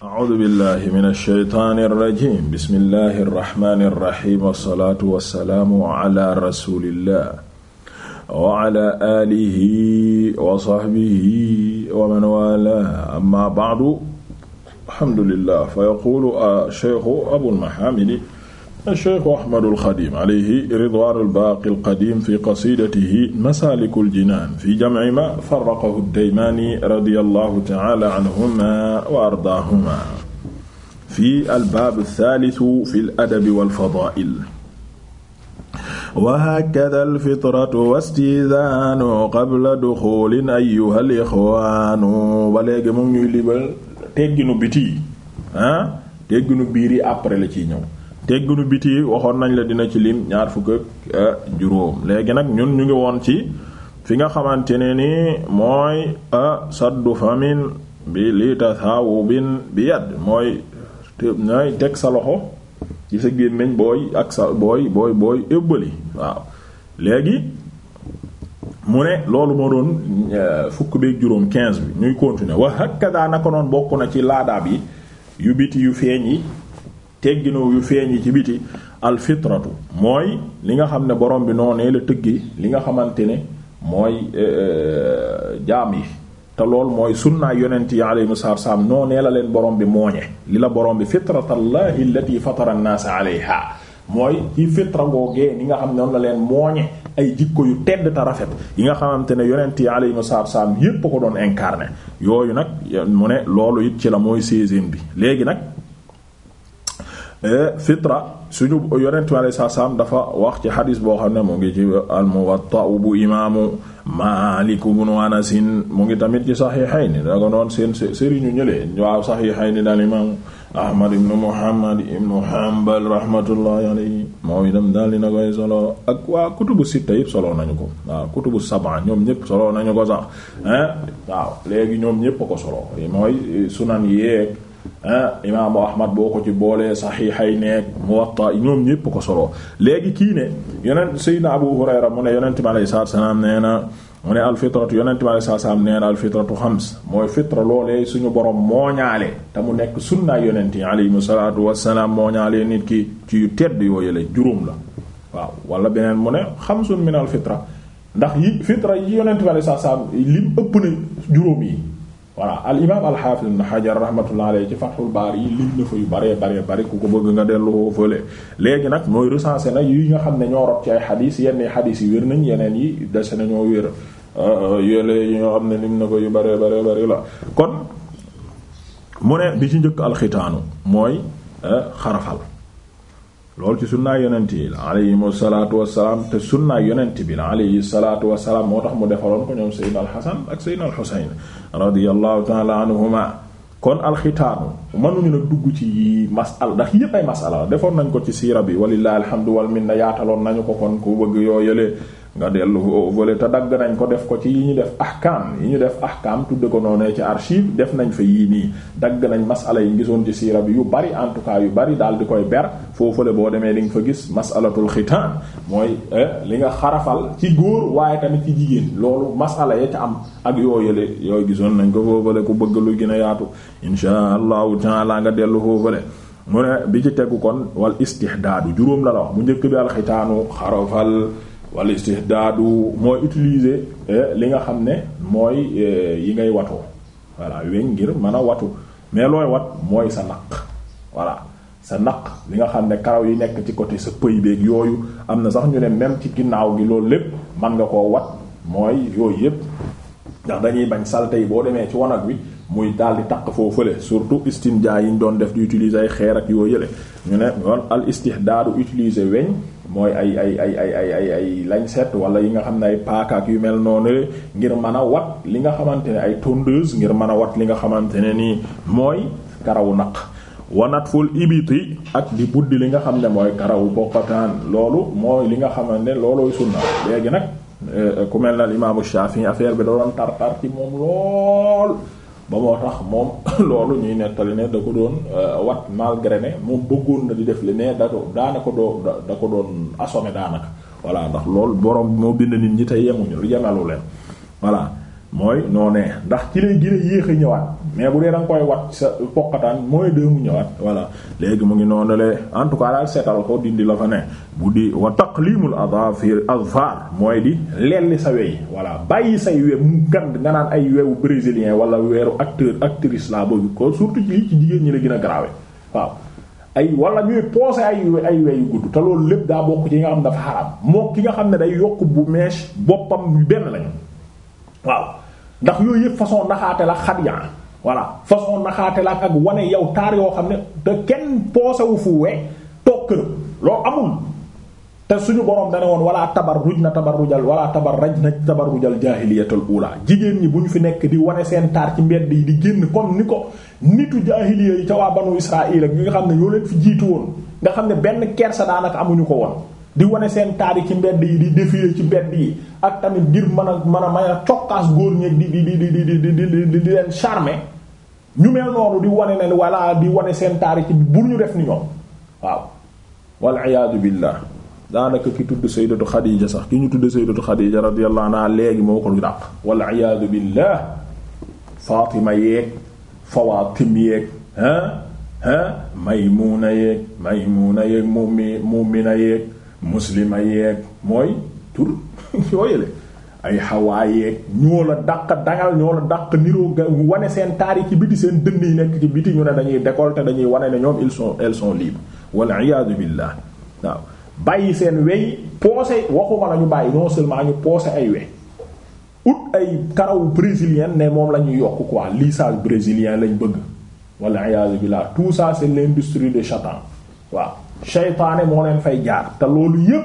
acuudu billahi min alsheytaan alrajim bismillahi arraxmani arraxim wassalaatu wassalaamu ala rasulillah wala alihi wa saxbihi wa man wala amma bacdu alhamdulillah fa yaquulu ah, sheikhu abulmahamidi Cheikh Ahmadul Xadim alayhi ridwaanul baaqil qadiim fi qasiidatihi masaalikul jinaan fi jam'i maa farraqahu ad-Daymaani radiyallahu ta'aalaa anhumaa wa ardaahumaa fi al-baab ath-thaalith fi al-adab wal-fadaa'il wa haakadhaa al-fitratu wastidhaanu qabla duxuulin ayyuhal ixwaanu ba léegi mu ngi ñuy libal tegginu biti ah tegginu biir yi après la ciy ñëw. tegginu biti waxoon nañ la dina ci lim ñaar fukk ak eh, juróom léegi nag ñun ñu ngi woon ci fi nga xamante ne ni mooy eh, saddu famin bi li tasawubin bi yadd mooy teg sa loxo ci sa gémmiñ booy ak sa booy booy booy ëbbali waaw léegi mu ne loolu moo doon eh, fukk beeg juróom 15 bi ñuy continuer wa hakada naka noon bokk na ci laadaab yi yu biti yu feeñ yi tegginoo yu feeñ yi ci biti alfitratu mooy li nga xam ne borom bi noonee la tëggi li nga xamante ne mooy eh, eh, jaam yi te lool mooy sunnaa yonent yi alayhimu salaam noonee la leen borom bi mooñe li la borom bi fitratallahi allati fatara an-naasa mooy ci fitra googee ni nga xam ne noonu la leen mooñe ay jikko yu tedd te rafet yi nga xamante ne yonent yi alayhimu saam yépp ko doon incarné yooyu nag mu ne loolu it ci la mooy seizième bi léegi nag fitra suñu yonent ma alayhi salaam dafa wax ci xadis boo xam ne mu ngi ci al-Muwatta bu imaamu Maalik ibn Anas mu ngi tamit ci Saxiixayni da nga doon seen sëriñu ñële waaw Saxiixayni daal imaamu Ahmad ibn Muhammad ibn Hanbal rahmatullahi alayhi moom itam daal dina koy solo ak waa kutubu sitta yëpp solo nañu ko waaw kutubu sab'a ñoom ñëpp solo nañu ko sax hein eh? waaw léegi ñoom ñëpp a ko solo mooy sunan yeek ah imaamu ahmad boo ko ci boolee saxiixay nekk muwatta ñoom ñépp ko solo léegi kii ne yonent sayyidina abu hurayra mu ne yonent bi alayhi salaatu na mu ne alfitratu yonent bi alayhi salaatu salaam nee na alfitratu xams mooy fitra loolee suñu borom mooñaale te mu nekk sunna yonent yi alayhimu salaatu wassalaam mooñaale nit ki ci yu tedd yooyu la juróom la waaw wala beneen mu ne xamsun min alfitra ndax yi fitra yi yonent bi alayhi salaatu ëpp na juróom yi waaw al imaam al xaafis ibn Hajar rahmatullah alayhi ci Fathul Baari yi lim na fa yu baree bare bari ku ko bëgg nga dellu koo léegi nag mooy recensé na yi nga xam ne ñoo rot ci ay xadiis yenn xadiis yi wér nañ yeneen yi dese nañoo ñoo wér euh, euh, yële yi nga xam ne lim na ko yu baree baree bari la kon mu ne bi ci njëkk alxitaanu mooy euh, xarafal loolu ci sunnaay yonent yi la alayhimu salaatu wassalaam te sunnaay yonent bi la alayhi salaatu wassalaam moo tax mu defaloon ko ñoom seydna alxasan ak seydna alxusayn radiyallahu taala anhuma kon alxitaanu mënuñu la dugg ci masal ndax yépp ay masala defoon nañ ko ci siira bi walillahi alhamdu wal minna yaataloon nañu ko kon ko bëgg yoo yëlee nga dellu vole te dagg nañ ko def ko ci yi ñu def ahkaam yi ñu def ahkaam tudde ko noonee ci archive def nañ fa yii nii dagg nañ masala yi gisoon ci siira bi yu bari en tout cas yu bari daal di koy ber foofale boo demee di nga fa gis masalatul xitaan mooy eh, li nga xarafal ci góor waaye tamit ci jigéen loolu masala ya ca am ak yoo yële yooyu gisoon nañ ko foofale ku bëgg lu gën a yaatu insha allahu taala nga dellu foofale mu ne bi ci tegu kon wal istihdaadu juróom la la wax bu njëkk bi alxitaanu xarafal wala daadu mooy utiliser eh, li nga xam ne mooy eh, yi ngay watoo voilà weñ ngir mën a watu mais looy wat mooy sa naq voilà sa naq li nga xam ne karaw yi nekk ci côté sa pëy beeg yooyu am na sax ñu ne même ci ginnaaw gi loolu lépp mën nga koo wat mooy yooyu yépp ndax dañuy bañ salte yi boo demee ci wanag wi muy daal di taq foo fële surtout istinja yi ñu doon def di utiliser ay xeer ak yoo yële ñu ne yoon al istihdaadu utiliser weñ mooy ay ay ay ay ay ay ay lancette wala yi nga xam ne ay paaka ak yu mel noonu ngir mën a wat li nga xamante ne ay tondeuse ngir mën a wat li nga xamante ne nii mooy karawu naq wanat ful ibiti ak di buddi li nga xam ne mooy karawu bokkataan loolu mooy li nga xamante ne loolooy sunna léegi nag eh, ku mel na imaamu Shafi'i affaire bi doon tar tar ci moom lool ba moo tax moom loolu ñuy nettali ne da ko doon euh, wat malgré ne moom bëggoon na di def li ne da ko daanaka doo da ko doon assommé daanaka voilà ndax loolu borom moo bind nit ñi te yemuñu yemalu leen mooy noo ne ndax ci lay gën a yéex ñëwaat mais bu dee da nga koy wat sa poqataan mooy dee mu ñëwaat voilà léegi mu ngi noonu le en tout cas daal seetal ko dindi la fa ne bu di wa taqlimul adhafir adfar mooy di lelli sa wey voilà bàyyi say we mu gand nga naan ay wewu brésilien wala weeru acteur actrice la bëgg ko surtout ci lii ci jigéen ñi la gën a grave waaw ay wala ñuy poosé ay ay weyu gudd te loolu lépp daa bokk ci nga xam dafa xaraam moo ki nga xam ne day yokk bu mèche boppam benn lañu waaw ndax yooyu yëpp façon naxaate la xadiya voilà façon naxaate la ak wane yow taar yoo xam ne te kenn poosewu fu we toog kër loo amul te suñu borom dane woon wala tabarruj na tabarrujal wala tabarraj na tabarrujal jaahiliyatul ula jigéen ñi bu ñu fi nekk di wane seen taar ci mbedd yi di génn comme ni ko nitu jaahiliya yi ca waa banu Israël ak ñi nga xam ne yoo leen fi jiitu woon nga xam ne benn kersa daanaka amuñu ko woon di wane seen taar yi ci mbedd yi di défier ci mbedd yi ak tamit ngir mën a a may a cokkaas góor ñeeg di di di di di di leen charmer ñu mel noonu di wane ne walla di wone seen taar ci bu ñu def ni ñoom waaw. wal iyaadu billah daanaka ki tudd sayyidatu Xadiija sax ki ñu tudd sayyidatu Xadiija radiyallahu anha léegi moo ko dàq. wal iyaadu billah Faatima yeeg Fawaatim yéeg ah ah Maymuna yeeg Maymuna yeeg Mu'mina yéeg muslima yeeg mooy tur yooyule ay xawaa yeeg ñoo la dàq dangal ñoo la dàq niroo wane seen taar ci biti seen dënn yi nekk ci biti ñu ne dañuy décolleté dañuy wane ne ñoom ils sont elles sont libres wal iyaadu billah waaw bàyyi seen wey poose waxuma la ñu bàyyi non seulement ñu poose ay wey ut ay karawu brésilien ne moom la ñu yokk quoi lissage brésilien lañ bëgg wal iyaadu billah tout ça c'est l'industrie de Satan waa seytaane moo leen fay jaar te loolu yépp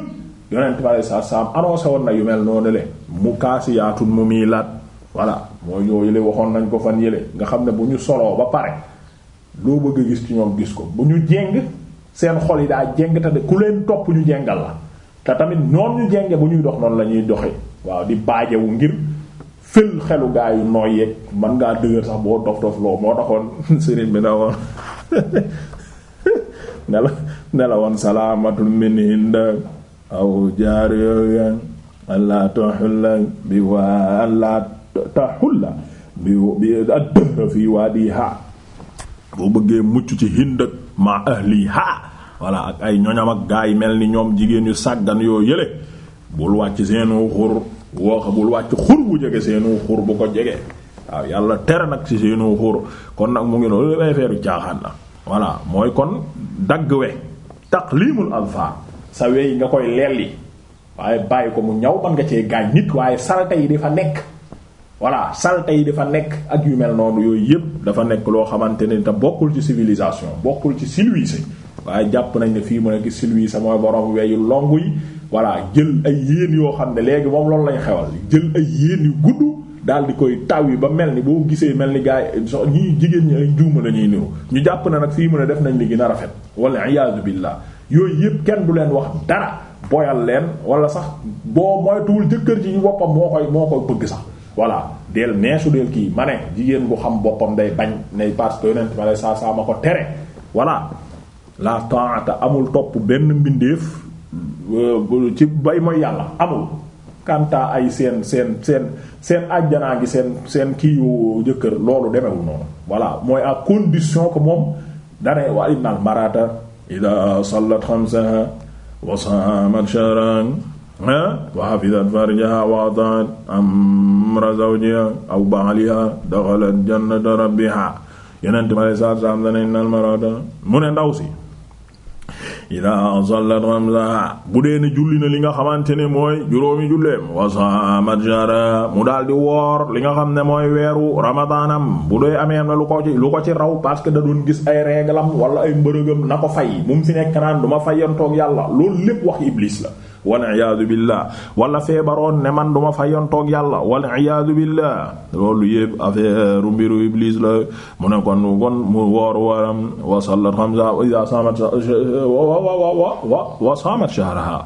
yonent bi alei saatu salaam annoncé woon na yu mel noonu le mu kaasi yaatun mu mii laat voilà mooy yooyu le waxoon nañ ko fan yële nga xam ne bu ñu soloo ba pare loo bëgg a gis ci ñoom gis ko bu ñu jéng seen xol yi daa jéng te ku leen topp ñu jéngal la te tamit noonu ñu jénge bu ñuy dox noonu lañuy doxe waaw di baajewu ngir fël xelu gaa yu nooy yeeg man ngaa dëgër sax boo dof dof loo moo taxoon sëriñ bi na woon ne la woon salaamatun min aw jaar yooyu allah taxulla bi waa allah taxulla bi ad-dahr fi boo bëggee mucc ci hind ma ahlihaa voilà ak ay ñoñam ak gaa yi mel ni ñoom jigéen yu sàggan yoo yële bul wàcc seenu xur wooxa bul wàcc xur bu jege ko jege waaw yàlla tere nag ci seenu xur kon nag mu ngi noonu ay feeru caaxaan la voilà mooy kon dagg we taqlimul alfa sa yi nga koy lelli waaye bàyyi ko mu ñaw ban nga cee gaañ nit waaye salte yi dafa nekk voilà salte yi dafa nekk ak yu mel noonu yooyu yëpp dafa nekk loo xamante ne te bokkul ci civilisation bokkul ci silwiise waaye jàpp nañ ne fii mu nekk silwiise mooy borom yu longu yi voilà jël ay yéen yoo xam ne léegi moom loolu lañ xewal jël ay yéen yu gudd daal di koy taw yi ba mel ni boo gisee mel ni gaay so ñi jigéen ñi ay njuuma la ñuy niru ñu jàpp na nag fii mu ne def nañ li gën a rafet wala iyaazu billah yooyu yëpp kenn du leen wax dara boyal leen wala sax boo moytuwul jëkkër ji boppam moo koy moo koy bëgg sax voilà del neesu del kii ma ne jigéen bu xam boppam nday bañ ne parce que yonent ma lay saa saa ma ko tere voilà la ta'ata amul topp benn mbindeef euh, ci bay mooy yàlla amul kanta ay seen seen seen seen àjjanaa gi seen seen kii yu jëkkër loolu demewul noonu voilà mooy ak condition que moom dane wa innal marata ida sallat xamsaha wa saamat shahran wa hafizat farjaha wa ata'at amra zawjiha aw ba'liha dakhalat jannata rabbiha yenente ma lay saat saam dana innal marata mu ne ndaw si idaa sallat xamsaha bu dee ne julli na li nga xamante ne mooy juróomi julleem wasaamat jara mu daal di woor li nga xam ne mooy weeru ramadaanam bu dee amee na lu ko ci lu ko ci raw parce que da doon gis ay reeglam wala ay mbërëgam na ko fay bu mu fi nekk naan du ma fayantoog yàlla loolu lépp wax iblis la wal iyaadu billah wala feebaroon ne man duma fayontoog yàlla wal iyaadu billah loolu yépp affaire mbiru iblis la mu ne kon kon mu woor waram wa sallat xamsa wa samat wa wa samat shahraha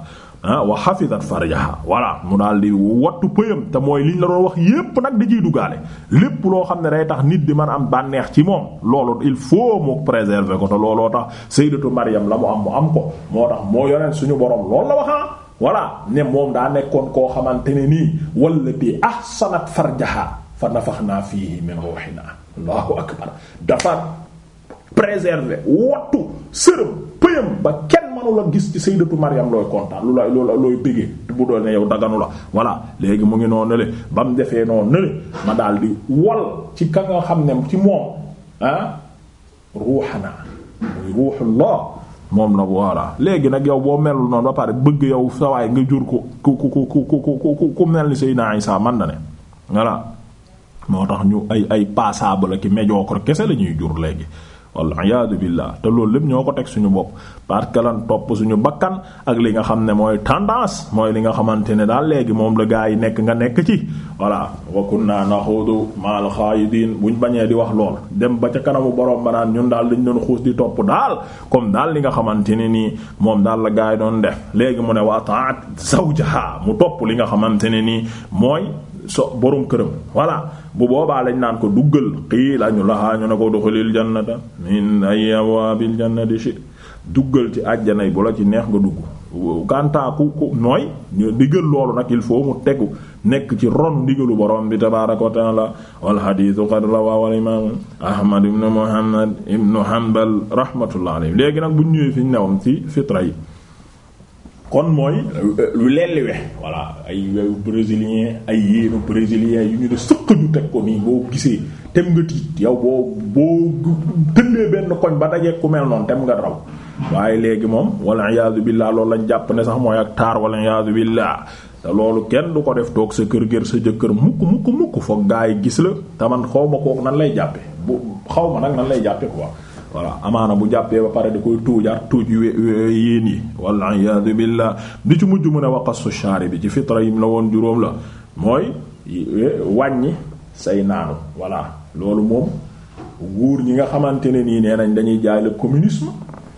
wa hafizat farjaha voilà mu daal di wattu pëyam te mooy liñ la doon wax yépp nag di ciy duggaale lépp loo xam ne day tax nit di man am bànneex ci moom loolu il faut mu préserver ko te looloo tax sayyidatu Maryam la mu am mu am ko moo tax moo yoneen suñu borom loolu la voilà ne moom daa nekkoon koo xamante ne nii walla bi ahsanat farjaha fa nafaxnaa fiihi min ruuhinaa allahu akbar dafa préserver wattu sërëm pëyam ba kenn mënu la gis ci sayyidatu Maryam looy kontaan lu la loola looy bëggee bu doo ne yow daganu la voilà léegi mu ngi noo nale ba mu defee noo nale ma daal di wal ci ka nga xam ne ci moom ah, ruuxanaa muy ruuxullah moom la voilà léegi nag yow boo melul noonu ba pare bëgg yow sawaay nga jur ko ku ku ku ku ku ku mel ni Seydina Isa man na ne voilà moo tax ñu ay ay passable la ki médiocre kese la ñuy jur léegi wal iyaadu billah te loolu lépp ñoo ko teg suñu bopp parce que topp suñu bakkan ak li nga xam ne mooy tendance mooy li nga xamante ne daal léegi moom la gaa yi nekk nga nekk ci voilà wa kunna naxuudu ma'al xaayidiin buñ bañee di wax lool dem ba ca kanamu borom ba naan ñun daal dañ doon xuus di topp daal comme daal li nga xamante ne nii moom daal la gaa yi doon def léegi mu ne wa ta'at zawjaha mu topp li nga xamante ne nii mooy so boroom këram voilà bu boobaa lañ naan ko duggal qiila ñu lahaa ñu ne ko duxulil jannata min ay abwaabil jannati duggal ci àjjanay bu la ci neex nga dugg gàntaaku ku nooy diggal loolu nag il faut mu tegu nekk ci ron ndigalu borom bi tabaaraka wa taala wal xadiisu qad rawaahu al imaam ahmad ibnu muhammad ibnu hanbal rahmatullah léegi nag bu ñu ñëwee fi ñu newoon ci fitra yi kon mooy lu lelliwe voilà ay wewu brésilien ay yéenu brésilien yu ñu ne sëq ñu teg ko nii boo gisee tem nga tiit yow boo boo tëndee benn koñ ba dajee ku mel noonu tem nga raw waaye léegi moom walla iyaazu billaah loolu lañ jàpp ne sax mooy ak taar walla iyaazu billaah te loolu kenn du ko def toog sa kër gër sa jëkkër mukk mukk mukk foog gaa yi gis la te man xaw ma kook nan lay jàppe bu xaw ma nag nan lay jàppe quoi voilà amaana bu jàppee ba pare da koy tuujaat tuuj yéen yi walla iyaadu billah di ci mujj mu ne waqasu shaari bi ci fitra yim la woon juróom la mooy wàññi say naanu voilà loolu moom nguur ñi nga xamante ne nii nee nañ dañuy jaay le communisme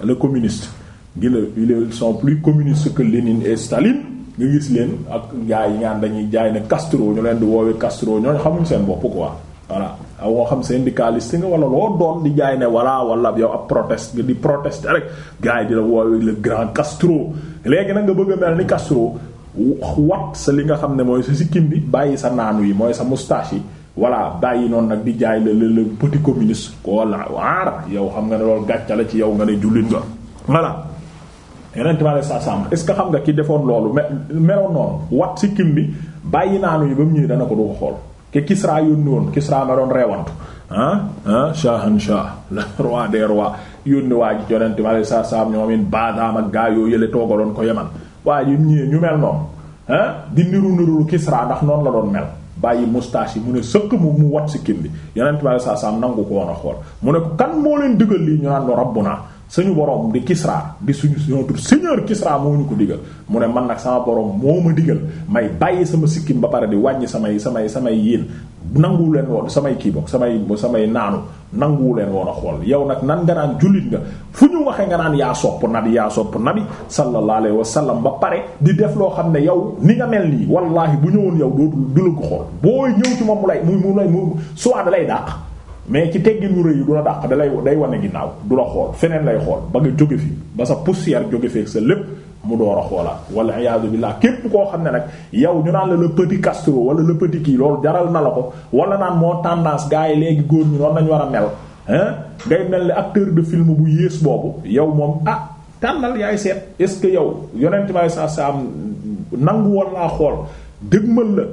le communiste gi la ils sont plus communistes que Lénine et Staline nga gis leen ak gaay yi ngaan dañuy jaay ne Castro ñu leen di woowee Castro ñooñ xamuñ seen bopp quoi voilà woo xam syndicaliste nga wala loo doon di jaay ne wala wala yow ab proteste di protester rek gars yi la woowee le grand Castro léegi nag nga bëgg a mel ni Castro wat sa li nga xam ne mooy sa sikkim bi bàyyi sa naanu yi mooy sa moustache yi voilà bàyyi noonu nag di jaay la le le ko la yow xam nga ne loolu gàcca la ci yow nga ne jullit nga voilà yeneen tamit sa sàmm est-ce que xam nga ki defoon loolu meloon noonu wat sikkim bi bàyyi naanu yi ba mu ñëwee dana ko du ko xool ke Kisra yónni woon Kisra ma doon reewantu ah ah shahan shah le roi des waa ji yonente mi ak gaa yoo yële toogaloon ko Yaman waa yi ñëwee ñu mel noonu ah di niru niru Kisra ndax noonu la doon mel bàyyi moustache mu ne sëq mu mu wat si kin bi yonente mi alei satu nangu ko woon a xool mu ne ko kan moo leen digal lii ñu naan lu rabbuna suñu borom di Kisra di suñu notre seigneur Kisra moo ñu ko digal mu ne man nag sama boroom moo ma digal may bàyyi sama sikkim ba pare di wàññi samay samay samay yéen nanguwu leen woon samay kii bokk samay samay naanu nanguwu leen woon a xool yow nag nan nga naan jullit nga fu ñu waxee nga naan yaa sopp nabi yaa sopp nabi sallallahu alayhi wa sallam ba pare di def loo xam ne yow ni nga mel nii wallaahi bu ñëwoon yow dootul du la ko xool booy ñëw ci moom mu lay mu mais ci teggin wu rëy yi du la dàq dalay day wane ginnaaw du la xool feneen lay xool ba nga jóge fi ba sa poussière jóge feeg sa lépp mu door a xoolaat wala iyaadu billaah képp koo xam ne nag yow ñu naan la le petit Castro wala la petit kii loolu jaral na la ko wala naan moo tendance gars yi léegi góor ñu noonu lañu war a mel hein ngay mel ni acteur de film bu yées boobu yow moom ah tànnal yaay seet est-ce que yow yonent may sa sa am nangu woon laa xool dëgmal la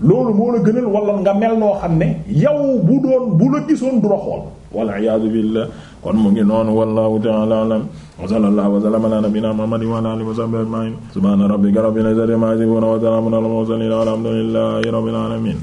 loolu moo la gënal wala nga mel noo xam ne yow bu doon bu la gisoon du la xool wal iyaadu billah kon mu ngi noonu wallahu ta'ala a'lam wa sallallahu wa sallama ala nabiyyina muhammadin wa ala alihi wa sahbihi ajma'in subhana rabbika rabbil izzati amma yasifun wa salamun ala al mursalin walhamdulillahi rabbil alamin